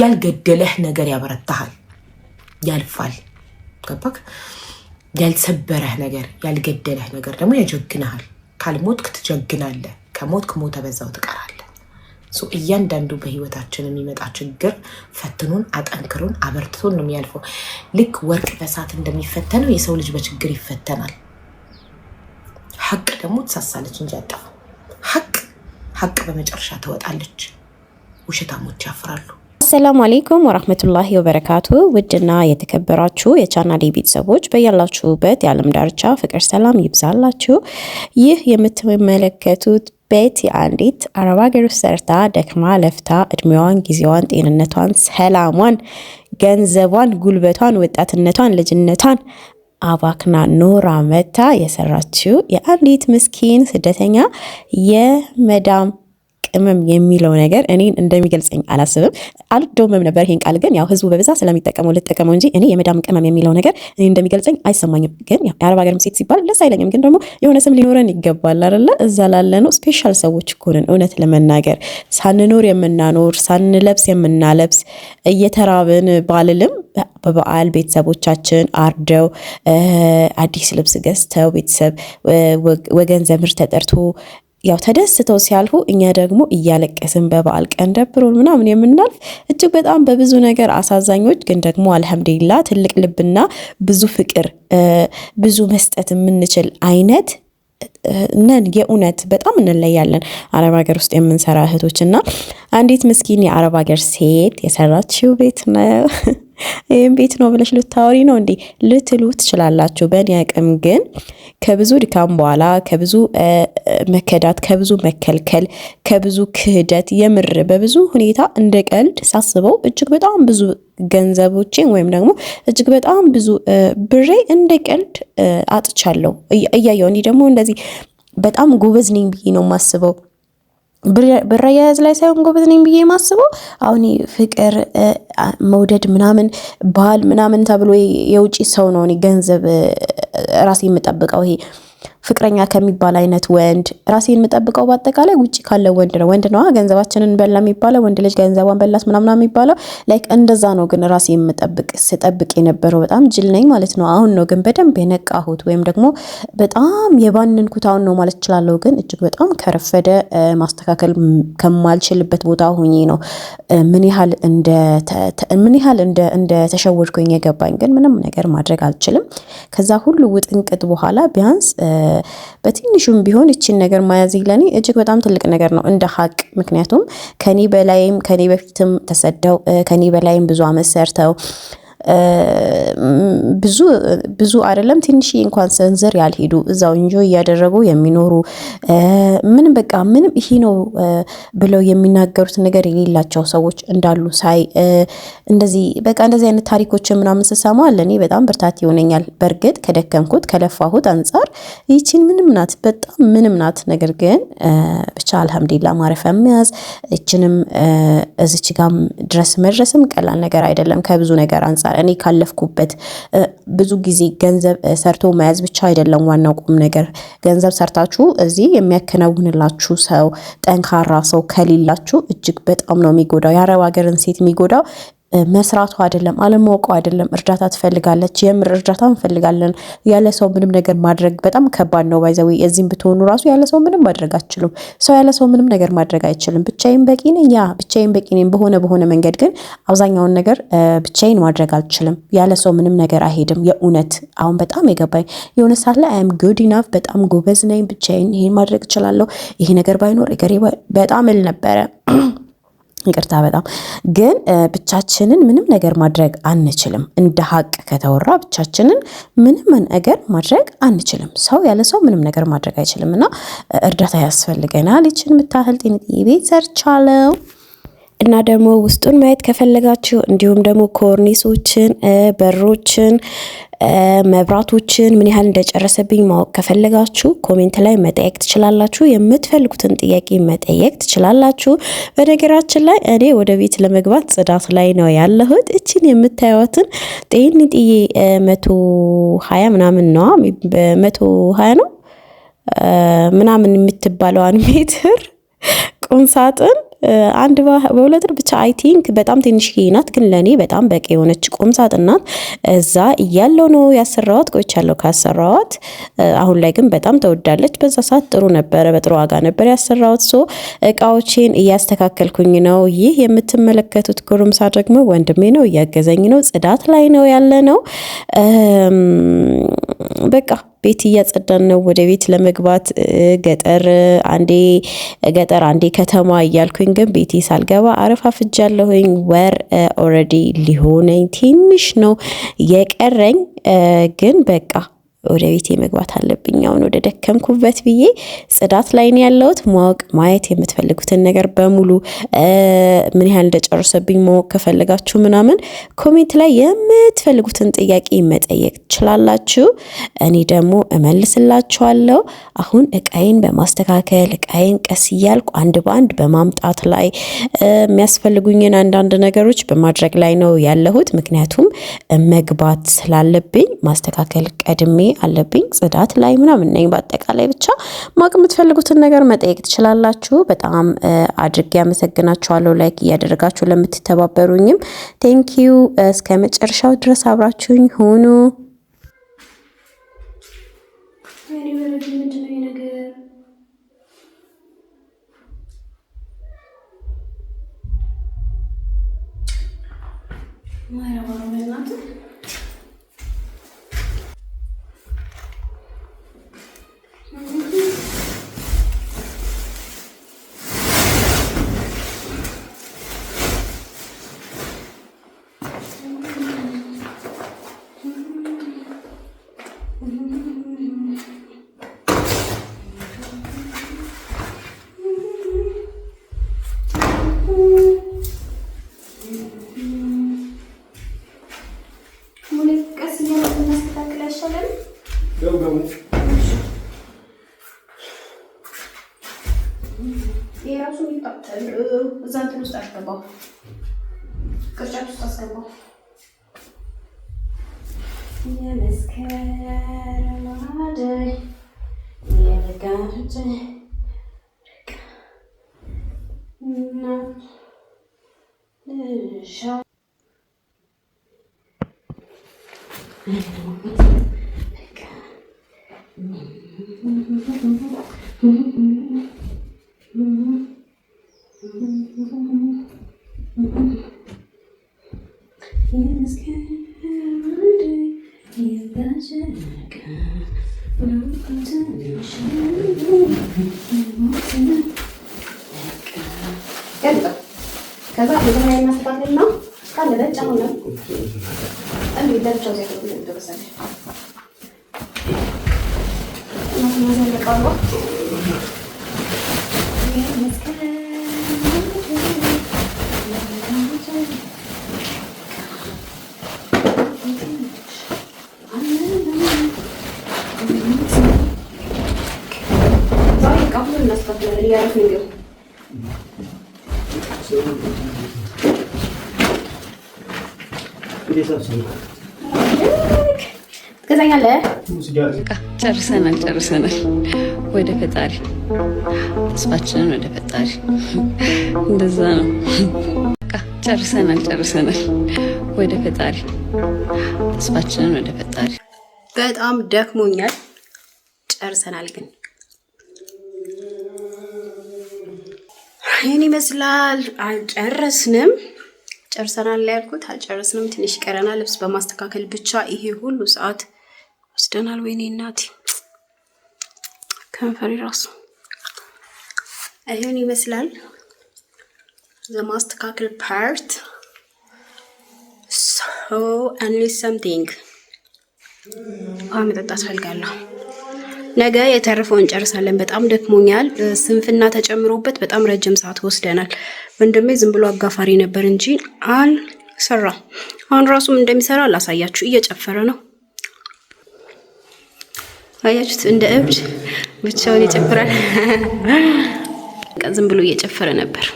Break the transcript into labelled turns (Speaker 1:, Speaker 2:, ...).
Speaker 1: ያልገደለህ ነገር ያበረታሃል፣ ያልፋል። ገባክ? ያልሰበረህ ነገር ያልገደለህ ነገር ደግሞ ያጀግንሃል። ካልሞትክ ትጀግናለህ፣ ከሞትክ ሞተ በዛው ትቀራለህ። እያንዳንዱ በህይወታችን የሚመጣ ችግር ፈትኑን፣ አጠንክሩን፣ አበርትቶን ነው የሚያልፈው። ልክ ወርቅ በሳት እንደሚፈተነው የሰው ልጅ በችግር ይፈተናል። ሀቅ ደግሞ ትሳሳለች እንጂ አጠፋ ሀቅ ሀቅ በመጨረሻ ትወጣለች። ውሸታሞች ያፍራሉ።
Speaker 2: አሰላሙ አሌይኩም ወራህመቱላሂ ወበረካቱ። ውድና የተከበራችሁ የቻናሌ ቤተሰቦች በያላችሁበት የዓለም ዳርቻ ፍቅር ሰላም ይብዛላችሁ። ይህ የምትመለከቱት ቤት የአንዲት አረብ ሀገር ሰርታ ደክማ ለፍታ እድሜዋን፣ ጊዜዋን፣ ጤንነቷን፣ ሰላሟን፣ ገንዘቧን፣ ጉልበቷን፣ ወጣትነቷን፣ ልጅነቷን አባክና ኖራ መታ የሰራችው የአንዲት ምስኪን ስደተኛ የመዳም ቅመም የሚለው ነገር እኔን እንደሚገልጸኝ አላስብም። አልወደውም ነበር ይሄን ቃል ግን ያው ህዝቡ በብዛት ስለሚጠቀመው ልጠቀመው እንጂ እኔ የመዳም ቅመም የሚለው ነገር እኔ እንደሚገልጸኝ አይሰማኝም። ግን የአረብ ሀገርም ሴት ሲባል ደስ አይለኝም። ግን ደግሞ የሆነ ስም ሊኖረን ይገባል አይደለ? እዛ ላለ ነው ስፔሻል ሰዎች እኮ ነን። እውነት ለመናገር ሳንኖር የምናኖር ሳንለብስ የምናለብስ እየተራብን ባልልም በበዓል ቤተሰቦቻችን አርደው አዲስ ልብስ ገዝተው ቤተሰብ ወገን ዘምር ተጠርቶ ያው ተደስተው ሲያልፉ እኛ ደግሞ እያለቀስን በበዓል ቀን ደብሮን ምናምን የምናልፍ እጅግ በጣም በብዙ ነገር አሳዛኞች፣ ግን ደግሞ አልሐምዱሊላ ትልቅ ልብና ብዙ ፍቅር ብዙ መስጠት የምንችል አይነት ነን። የእውነት በጣም እንለያለን አረብ ሀገር ውስጥ የምንሰራ እህቶች እና አንዲት ምስኪን የአረብ ሀገር ሴት የሰራችው ቤት ነው። ይህም ቤት ነው ብለሽ ልታወሪ ነው እንዴ ልትሉ ትችላላችሁ። በእኔ አቅም ግን ከብዙ ድካም በኋላ ከብዙ መከዳት፣ ከብዙ መከልከል፣ ከብዙ ክህደት የምር በብዙ ሁኔታ እንደ ቀልድ ሳስበው እጅግ በጣም ብዙ ገንዘቦቼን ወይም ደግሞ እጅግ በጣም ብዙ ብሬ እንደ ቀልድ አጥቻለሁ እያየው እኔ ደግሞ እንደዚህ በጣም ጎበዝ ነኝ ብዬ ነው የማስበው ብር አያያዝ ላይ ሳይሆን ጎበዝ ነኝ ብዬ የማስበው አሁን ፍቅር መውደድ ምናምን ባህል ምናምን ተብሎ የውጭ ሰው ነው ገንዘብ ራሴ የምጠብቀው ይሄ ፍቅረኛ ከሚባል አይነት ወንድ ራሴን የምጠብቀው በአጠቃላይ ውጭ ካለው ወንድ ነው። ወንድ ነዋ ገንዘባችንን በላ የሚባለው ወንድ ልጅ ገንዘቧን በላት ምናምና የሚባለው ላይክ እንደዛ ነው። ግን ራሴ የምጠብቅ ስጠብቅ የነበረው በጣም ጅል ነኝ ማለት ነው። አሁን ነው ግን በደንብ የነቃሁት ወይም ደግሞ በጣም የባንንኩት አሁን ነው ማለት እችላለሁ። ግን እጅግ በጣም ከረፈደ ማስተካከል ከማልችልበት ቦታ ሆኜ ነው ምን ያህል እንደ ምን ያህል እንደ ተሸወድኩኝ የገባኝ። ግን ምንም ነገር ማድረግ አልችልም። ከዛ ሁሉ ውጥንቅጥ በኋላ ቢያንስ በትንሹም ቢሆን ይችን ነገር ማያዝ ለኔ እጅግ በጣም ትልቅ ነገር ነው እንደ ሀቅ። ምክንያቱም ከኔ በላይም ከኔ በፊትም ተሰደው ከኔ በላይም ብዙ አመት ሰርተው ብዙ ብዙ አይደለም ትንሽ እንኳን ሰንዘር ያልሄዱ እዛው እንጆ እያደረጉ የሚኖሩ ምንም በቃ ምንም ይሄ ነው ብለው የሚናገሩት ነገር የሌላቸው ሰዎች እንዳሉ ሳይ እንደዚህ በቃ እንደዚህ አይነት ታሪኮችን ምናምን ስሰማ ለእኔ በጣም ብርታት ይሆነኛል። በእርግጥ ከደከምኩት ከለፋሁት አንጻር ይቺን ምንም ናት፣ በጣም ምንም ናት። ነገር ግን ብቻ አልሐምዱሊላ ማረፍ መያዝ እችንም እዚች ጋም ድረስ መድረስም ቀላል ነገር አይደለም። ከብዙ ነገር አንጻር እኔ ካለፍኩበት ብዙ ጊዜ ገንዘብ ሰርቶ መያዝ ብቻ አይደለም ዋናው ቁም ነገር። ገንዘብ ሰርታችሁ እዚህ የሚያከናውንላችሁ ሰው ጠንካራ ሰው ከሌላችሁ እጅግ በጣም ነው የሚጎዳው። የአረብ ሀገርን ሴት የሚጎዳው መስራቱ አይደለም፣ አለማወቁ አይደለም። እርዳታ ትፈልጋለች። የምር እርዳታ እንፈልጋለን። ያለ ሰው ምንም ነገር ማድረግ በጣም ከባድ ነው። ባይዘዌ የዚህም ብትሆኑ ራሱ ያለ ሰው ምንም ማድረግ አትችሉም። ሰው ያለ ሰው ምንም ነገር ማድረግ አይችልም። ብቻዬን በቂ ነኝ፣ ያ ብቻዬን በቂ ነኝ። በሆነ በሆነ መንገድ ግን አብዛኛውን ነገር ብቻዬን ማድረግ አልችልም። ያለ ሰው ምንም ነገር አይሄድም። የእውነት አሁን በጣም የገባኝ የሆነ ሰዓት ላይ አይም ጉድ ኢናፍ በጣም ጎበዝ ነኝ፣ ብቻዬን ይሄን ማድረግ እችላለሁ፣ ይሄ ነገር ባይኖር ገሬ በጣም እል ነበረ ይቅርታ በጣም ግን ብቻችንን ምንም ነገር ማድረግ አንችልም። እንደ ሀቅ ከተወራ ብቻችንን ምንም ነገር ማድረግ አንችልም። ሰው ያለ ሰው ምንም ነገር ማድረግ አይችልም እና እርዳታ ያስፈልገናል። ይችን የምታህል ጤንጥዬ ቤት ሰርቻለው። እና ደግሞ ውስጡን ማየት ከፈለጋችሁ እንዲሁም ደግሞ ኮርኒሶችን፣ በሮችን፣ መብራቶችን ምን ያህል እንደጨረሰብኝ ማወቅ ከፈለጋችሁ ኮሜንት ላይ መጠየቅ ትችላላችሁ። የምትፈልጉትን ጥያቄ መጠየቅ ትችላላችሁ። በነገራችን ላይ እኔ ወደ ቤት ለመግባት ጽዳት ላይ ነው ያለሁት። እችን የምታዩትን ጤን ጥዬ መቶ ሀያ ምናምን ነዋ መቶ ሀያ ነው ምናምን የምትባለዋን ሜትር ቁምሳጥን አንድ በሁለት ብቻ አይ ቲንክ በጣም ትንሽዬ ናት፣ ግን ለእኔ በጣም በቂ የሆነች ቁም ሳጥን ናት። እዛ እያለው ነው ያሰራዋት፣ ቆይቻለሁ ካሰራዋት። አሁን ላይ ግን በጣም ተወዳለች። በዛ ሰዓት ጥሩ ነበረ፣ በጥሩ ዋጋ ነበር ያሰራዋት። ሶ እቃዎቼን እያስተካከልኩኝ ነው። ይህ የምትመለከቱት ጉርምሳ ደግሞ ወንድሜ ነው፣ እያገዘኝ ነው፣ ጽዳት ላይ ነው ያለ ነው። በቃ ቤት እያጸዳን ነው ወደ ቤት ለመግባት ገጠር አንዴ ገጠር አንዴ ከተማ እያልኩኝ ግን ቤቴ ሳልገባ አረፋ ፍጃለሁኝ። ወር ኦልሬዲ ሊሆነኝ ትንሽ ነው የቀረኝ ግን በቃ ወደ ቤቴ መግባት አለብኝ አሁን ወደ ደከምኩበት ብዬ ጽዳት ላይ ነው ያለሁት። ማወቅ ማየት የምትፈልጉትን ነገር በሙሉ ምን ያህል እንደጨረሰብኝ ማወቅ ከፈለጋችሁ ምናምን ኮሜንት ላይ የምትፈልጉትን ጥያቄ መጠየቅ ትችላላችሁ። እኔ ደግሞ እመልስላችኋለሁ። አሁን እቃዬን በማስተካከል እቃዬን ቀስ እያልኩ አንድ በአንድ በማምጣት ላይ የሚያስፈልጉኝን አንዳንድ ነገሮች በማድረግ ላይ ነው ያለሁት። ምክንያቱም መግባት ስላለብኝ ማስተካከል ቀድሜ አለብኝ፣ ጽዳት ላይ ምናምን ነኝ። በአጠቃላይ ብቻ ማቅ የምትፈልጉትን ነገር መጠየቅ ትችላላችሁ። በጣም አድርጌ አመሰግናችኋለሁ፣ ላይክ እያደረጋችሁ ለምትተባበሩኝም ቴንኪዩ። እስከ መጨረሻው ድረስ አብራችሁኝ ሁኑ።
Speaker 3: ማረባ ነው ሙሌት ቀስ እያለ እናስተካክል አይሻለም? ያው ገቡ የራሱ ይጣፍታል። እዛ እንትን ውስጥ አስገባው፣ ቅርጫት ውስጥ አስገባው። የመስከረም አደይ የለጋች እና ልሻ ከዛ የዘመናዊ ማስተካከል ዛሬ ቃሁን እናስከፍላለን ያረፍ ነገር ትገዛኛለህ? ጨርሰናል ጨርሰናል። ወደ ፈጣሪ ተስፋችንን ወደ ፈጣሪ እንደዛ ነው። ጨርሰናል ጨርሰናል። ወደ ፈጣሪ ተስፋችንን ወደ ፈጣሪ። በጣም ደክሞኛል። ጨርሰናል ግን ይህን ይመስላል። አልጨረስንም። ጨርሰናል ያልኩት አልጨረስንም፣ ትንሽ ቀረና ልብስ በማስተካከል ብቻ ይሄ ሁሉ ሰዓት ወስደናል። ወይኔ እናቴ ከንፈሪ ራሱ ይሄን ይመስላል። ለማስተካከል ፓርት ሶ አንሊ ሰምቲንግ ውሃ መጠጣት ፈልጋለሁ። ነገ የተረፈው እንጨርሳለን። በጣም ደክሞኛል። ስንፍና ተጨምሮበት በጣም ረጅም ሰዓት ወስደናል። ወንድሜ ዝም ብሎ አጋፋሪ ነበር እንጂ አልሰራ። አሁን ራሱም እንደሚሰራ አላሳያችሁ። እየጨፈረ ነው። አያችሁት? እንደ እብድ ብቻውን ይጨፍራል። ዝም ብሎ እየጨፈረ ነበር።